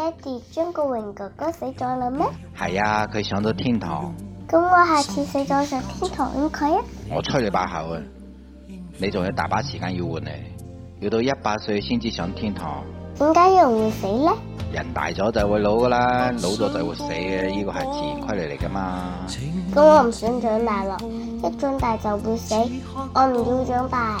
爹哋，張國榮哥哥死咗啦咩？係啊，佢上咗天堂。咁我下次死咗上天堂換佢啊？我吹你把口啊！你仲有大把時間要換咧，要到一百歲先至上天堂。點解容易死咧？人大咗就會老噶啦，老咗就會死嘅，呢個係自然規律嚟噶嘛。咁我唔想長大咯，一長大就會死，我唔要長大。